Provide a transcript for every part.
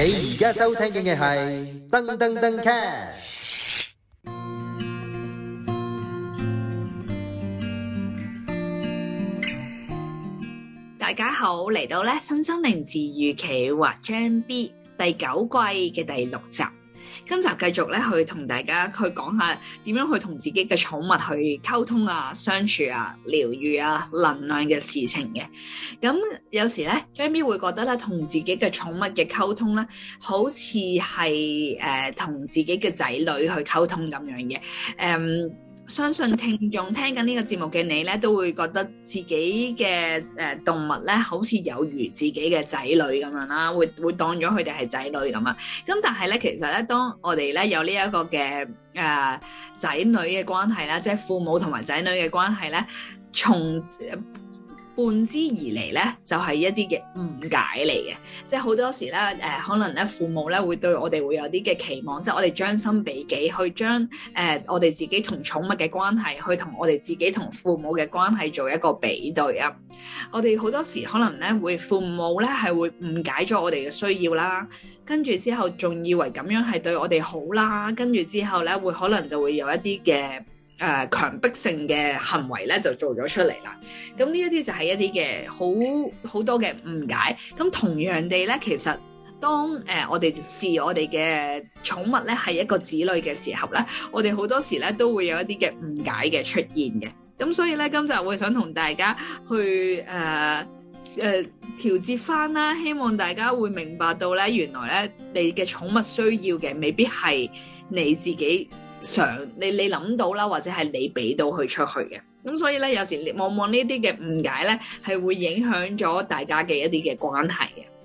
你而家收聽緊嘅係噔噔噔 cast。大家好，嚟到咧《新生靈治愈企劃》張 B 第九季嘅第六集。今集繼續咧去同大家去講下點樣去同自己嘅寵物去溝通啊、相處啊、療愈啊、能量嘅事情嘅。咁有時咧 ，Jamie 會覺得咧，同自己嘅寵物嘅溝通咧，好似係誒同自己嘅仔女去溝通咁樣嘅誒。嗯相信聽眾聽緊呢個節目嘅你咧，都會覺得自己嘅誒、呃、動物咧，好似有如自己嘅仔女咁樣啦，會會當咗佢哋係仔女咁啊。咁但係咧，其實咧，當我哋咧有呢一個嘅誒仔女嘅關係啦，即係父母同埋仔女嘅關係咧，從、呃伴之而嚟咧，就係、是、一啲嘅誤解嚟嘅，即係好多時咧，誒、呃、可能咧父母咧會對我哋會有啲嘅期望，即係我哋將心比己去將誒、呃、我哋自己同寵物嘅關係，去同我哋自己同父母嘅關係做一個比對啊。我哋好多時可能咧會父母咧係會誤解咗我哋嘅需要啦，跟住之後仲以為咁樣係對我哋好啦，跟住之後咧會可能就會有一啲嘅。誒、呃、強迫性嘅行為咧，就做咗出嚟啦。咁呢一啲就係一啲嘅好好多嘅誤解。咁同樣地咧，其實當誒、呃、我哋視我哋嘅寵物咧係一個子女嘅時候咧，我哋好多時咧都會有一啲嘅誤解嘅出現嘅。咁所以咧，今集會想同大家去誒誒、呃呃、調節返啦，希望大家會明白到咧，原來咧你嘅寵物需要嘅未必係你自己。上你你諗到啦，或者係你俾到佢出去嘅。咁所以咧，有時你望望呢啲嘅誤解咧，係會影響咗大家嘅一啲嘅關係嘅。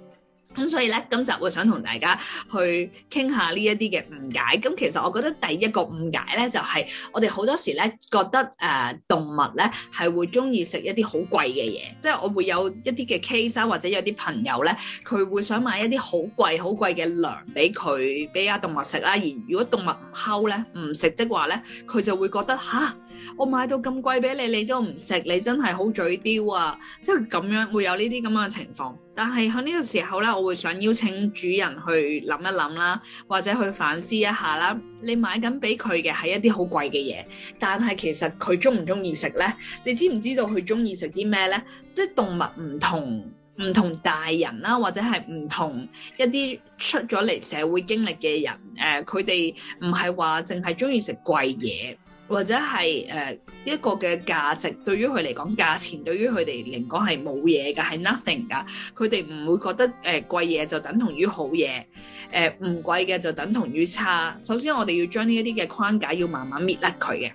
咁、嗯、所以咧，今集會想同大家去傾下呢一啲嘅誤解。咁、嗯、其實我覺得第一個誤解咧，就係、是、我哋好多時咧覺得誒、呃、動物咧係會鍾意食一啲好貴嘅嘢。即、就、係、是、我會有一啲嘅 case 或者有啲朋友咧，佢會想買一啲好貴好貴嘅糧俾佢俾啊動物食啦。而如果動物唔溝咧唔食的話咧，佢就會覺得「吓！」我買到咁貴俾你，你都唔食，你真係好嘴刁啊！即係咁樣會有呢啲咁樣嘅情況。但係喺呢個時候咧，我會想邀請主人去諗一諗啦，或者去反思一下啦。你買緊俾佢嘅係一啲好貴嘅嘢，但係其實佢中唔中意食咧？你知唔知道佢中意食啲咩咧？即係動物唔同唔同大人啦，或者係唔同一啲出咗嚟社會經歷嘅人，誒、呃，佢哋唔係話淨係中意食貴嘢。或者係誒一個嘅價值對於佢嚟講，價錢對於佢哋嚟講係冇嘢㗎，係 nothing 噶。佢哋唔會覺得誒、呃、貴嘢就等同於好嘢，誒、呃、唔貴嘅就等同於差。首先我哋要將呢一啲嘅框架要慢慢搣甩佢嘅。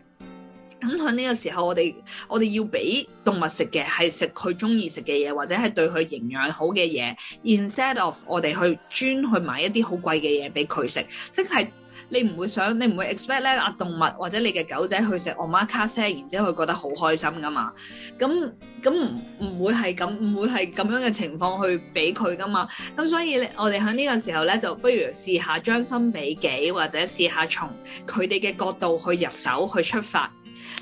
咁喺呢個時候我，我哋我哋要俾動物食嘅係食佢鍾意食嘅嘢，或者係對佢營養好嘅嘢，instead of 我哋去專去買一啲好貴嘅嘢俾佢食，即係。你唔會想，你唔會 expect 咧阿動物或者你嘅狗仔去食 Omakase，然之後佢覺得好開心噶嘛？咁咁唔唔會係咁，唔會係咁樣嘅情況去俾佢噶嘛？咁所以咧，我哋喺呢個時候咧，就不如試下將心比己，或者試下從佢哋嘅角度去入手去出發，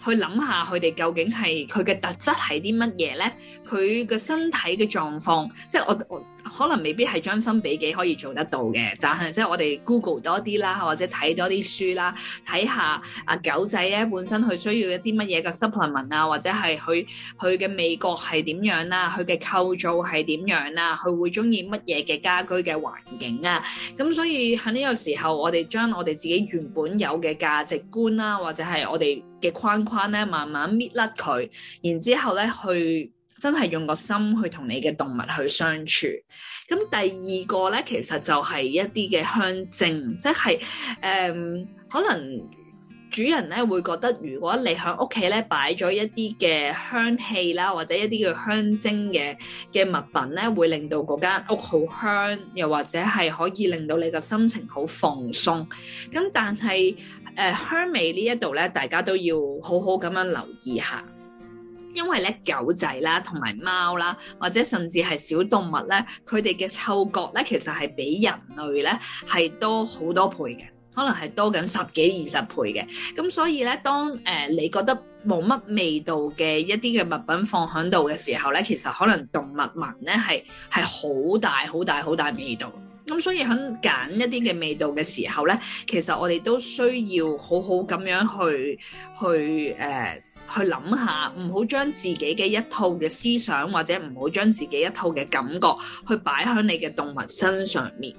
去諗下佢哋究竟係佢嘅特質係啲乜嘢咧？佢嘅身體嘅狀況，即係我我。我可能未必係將心比己可以做得到嘅，但係即係我哋 Google 多啲啦，或者睇多啲書啦，睇下啊狗仔咧本身佢需要一啲乜嘢嘅 supplement 啊，或者係佢佢嘅味覺係點樣啦，佢嘅構造係點樣啦，佢會中意乜嘢嘅家居嘅環境啊，咁所以喺呢個時候，我哋將我哋自己原本有嘅價值觀啦，或者係我哋嘅框框咧，慢慢搣甩佢，然之後咧去。真係用個心去同你嘅動物去相處。咁第二個咧，其實就係一啲嘅香精，即係誒、呃、可能主人咧會覺得，如果你喺屋企咧擺咗一啲嘅香氣啦，或者一啲嘅香精嘅嘅物品咧，會令到嗰間屋好香，又或者係可以令到你嘅心情好放鬆。咁但係誒、呃、香味呢一度咧，大家都要好好咁樣留意下。因為咧狗仔啦，同埋貓啦，或者甚至係小動物咧，佢哋嘅嗅覺咧，其實係比人類咧係多好多倍嘅，可能係多緊十幾二十倍嘅。咁所以咧，當誒、呃、你覺得冇乜味道嘅一啲嘅物品放喺度嘅時候咧，其實可能動物聞咧係係好大好大好大好大味道。咁所以喺揀一啲嘅味道嘅時候咧，其實我哋都需要好好咁樣去去誒。呃去諗下，唔好將自己嘅一套嘅思想，或者唔好將自己一套嘅感覺，去擺喺你嘅動物身上面。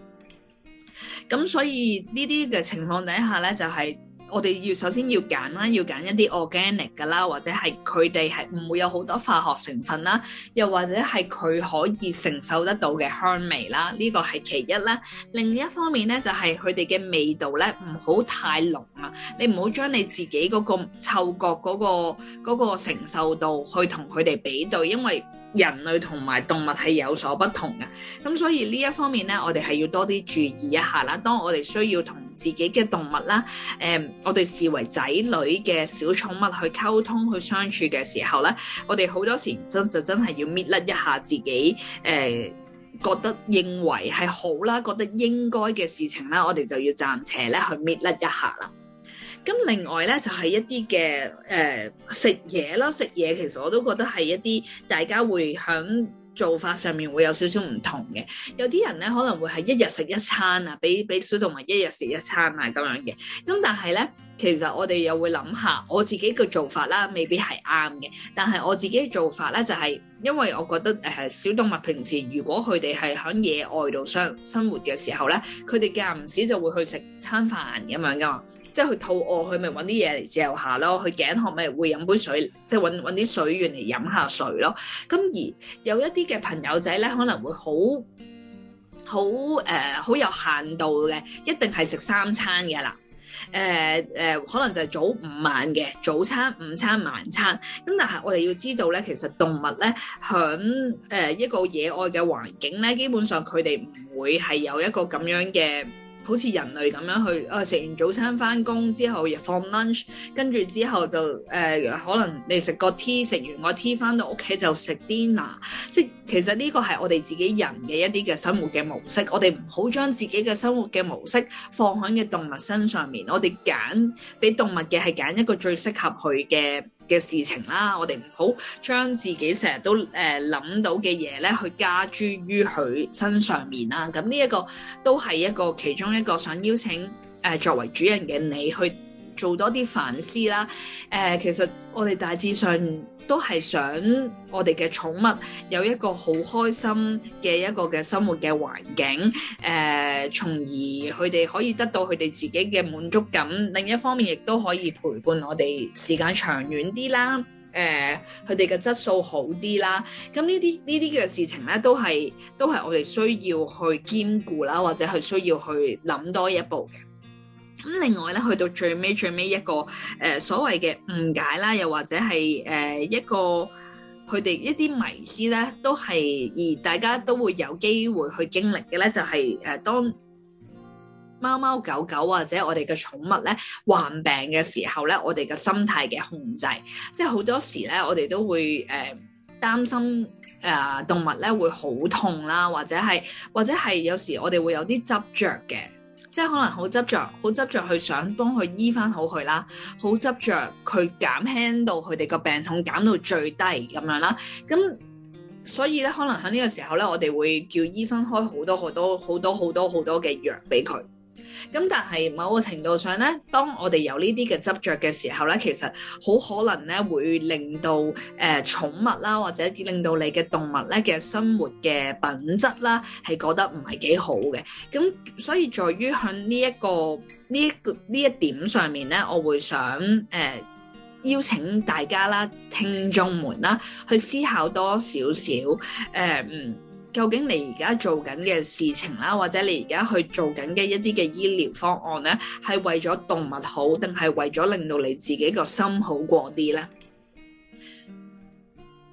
咁所以呢啲嘅情況底下咧，就係、是。我哋要首先要揀啦，要揀一啲 organic 噶啦，或者係佢哋係唔會有好多化學成分啦，又或者係佢可以承受得到嘅香味啦，呢個係其一啦。另一方面咧，就係佢哋嘅味道咧，唔好太濃啊！你唔好將你自己嗰個嗅覺嗰個嗰個承受度去同佢哋比對，因為人類同埋動物係有所不同嘅。咁所以呢一方面咧，我哋係要多啲注意一下啦。當我哋需要同自己嘅動物啦，誒、呃，我哋視為仔女嘅小寵物去溝通去相處嘅時候咧，我哋好多時真就真係要搣甩一下自己，誒、呃，覺得認為係好啦，覺得應該嘅事情啦，我哋就要暫且咧去搣甩一下啦。咁另外咧就係、是、一啲嘅誒食嘢咯，食嘢其實我都覺得係一啲大家會響。做法上面會有少少唔同嘅，有啲人咧可能會係一日食一餐啊，俾俾小動物一日食一餐啊咁樣嘅。咁但係咧，其實我哋又會諗下，我自己嘅做法啦，未必係啱嘅。但係我自己嘅做法咧，就係、係、因為我覺得誒小動物平時如果佢哋係喺野外度生生活嘅時候咧，佢哋間唔時就會去食餐飯咁樣噶。即係去肚餓，佢咪揾啲嘢嚟嚼下咯。佢頸渴咪會飲杯水，即係揾啲水源嚟飲下水咯。咁而有一啲嘅朋友仔咧，可能會好好誒好有限度嘅，一定係食三餐嘅啦。誒、呃、誒、呃，可能就係早午晚嘅早餐、午餐、晚餐。咁但係我哋要知道咧，其實動物咧響誒一個野外嘅環境咧，基本上佢哋唔會係有一個咁樣嘅。好似人類咁樣去啊，食完早餐翻工之後又放 lunch，跟住之後就誒、呃、可能你食個 tea，食完個 tea 翻到屋企就食 dinner，即其實呢個係我哋自己人嘅一啲嘅生活嘅模式，我哋唔好將自己嘅生活嘅模式放喺嘅動物身上面，我哋揀俾動物嘅係揀一個最適合佢嘅嘅事情啦，我哋唔好將自己成日都誒諗、呃、到嘅嘢咧，去加諸於佢身上面啦。咁呢一個都係一個其中一個想邀請誒、呃、作為主人嘅你去。做多啲反思啦，誒、呃，其實我哋大致上都係想我哋嘅寵物有一個好開心嘅一個嘅生活嘅環境，誒、呃，從而佢哋可以得到佢哋自己嘅滿足感。另一方面，亦都可以陪伴我哋時間長遠啲啦，誒、呃，佢哋嘅質素好啲啦。咁呢啲呢啲嘅事情咧，都係都係我哋需要去兼顧啦，或者係需要去諗多一步嘅。咁另外咧，去到最尾最尾一個誒、呃、所謂嘅誤解啦，又或者係誒、呃、一個佢哋一啲迷思咧，都係而大家都會有機會去經歷嘅咧，就係、是、誒、呃、當貓貓狗狗或者我哋嘅寵物咧患病嘅時候咧，我哋嘅心態嘅控制，即係好多時咧，我哋都會誒、呃、擔心誒、呃、動物咧會好痛啦，或者係或者係有時我哋會有啲執着嘅。即係可能好執着，好執着去想幫佢醫翻好佢啦，好執着，佢減輕到佢哋個病痛減到最低咁樣啦。咁所以咧，可能喺呢個時候咧，我哋會叫醫生開好多好多好多好多好多嘅藥俾佢。咁但係某個程度上咧，當我哋有呢啲嘅執着嘅時候咧，其實好可能咧會令到誒呃、寵物啦，或者令到你嘅動物咧嘅生活嘅品質啦，係覺得唔係幾好嘅。咁、嗯、所以在於喺呢一個呢、呢個呢一點上面咧，我會想誒、呃、邀請大家啦，聽眾們啦，去思考多少少誒。呃究竟你而家做緊嘅事情啦，或者你而家去做緊嘅一啲嘅醫療方案咧，係為咗動物好，定係為咗令到你自己個心好過啲咧？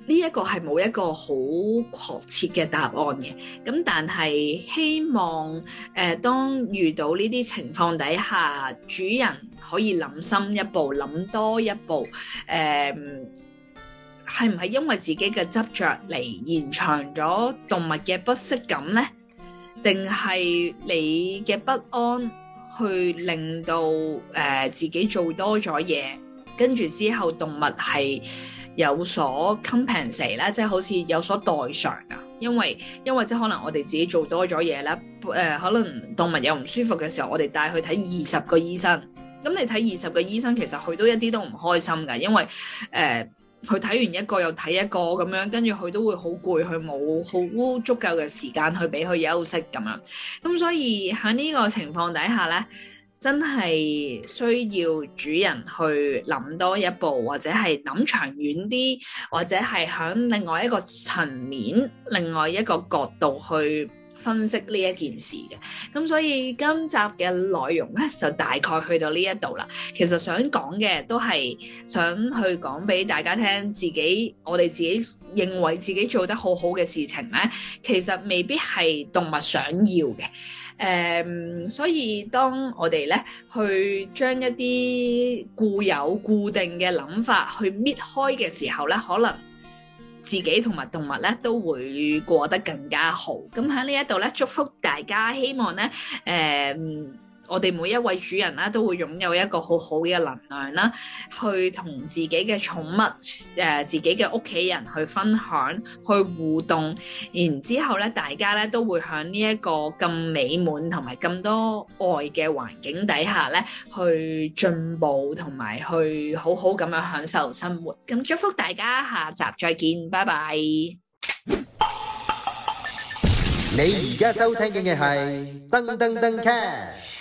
呢、這個、一個係冇一個好確切嘅答案嘅。咁但係希望，誒、呃，當遇到呢啲情況底下，主人可以諗深一步，諗多一步，誒、呃。係唔係因為自己嘅執着嚟延長咗動物嘅不適感呢？定係你嘅不安去令到誒、呃、自己做多咗嘢，跟住之後動物係有所 compensate 咧，即係好似有所代償噶。因為因為即係可能我哋自己做多咗嘢咧，誒、呃、可能動物又唔舒服嘅時候，我哋帶佢去睇二十個醫生。咁你睇二十個醫生，其實佢都一啲都唔開心噶，因為誒。呃佢睇完一個又睇一個咁樣，跟住佢都會好攰，佢冇好足夠嘅時間去俾佢休息咁樣。咁所以喺呢個情況底下呢，真係需要主人去諗多一步，或者係諗長遠啲，或者係喺另外一個層面、另外一個角度去分析呢一件事嘅，咁所以今集嘅內容呢，就大概去到呢一度啦。其實想講嘅都係想去講俾大家聽，自己我哋自己認為自己做得好好嘅事情呢，其實未必係動物想要嘅。誒、嗯，所以當我哋呢，去將一啲固有固定嘅諗法去搣開嘅時候呢，可能，自己同埋動物咧都會過得更加好，咁喺呢一度咧祝福大家，希望咧誒。呃我哋每一位主人啦、啊，都會擁有一個好好嘅能量啦、啊，去同自己嘅寵物誒、呃，自己嘅屋企人去分享，去互動，然之後咧，大家咧都會喺呢一個咁美滿同埋咁多愛嘅環境底下咧，去進步同埋去好好咁樣享受生活。咁祝福大家，下集再見，拜拜。你而家收聽緊嘅係噔噔噔 c a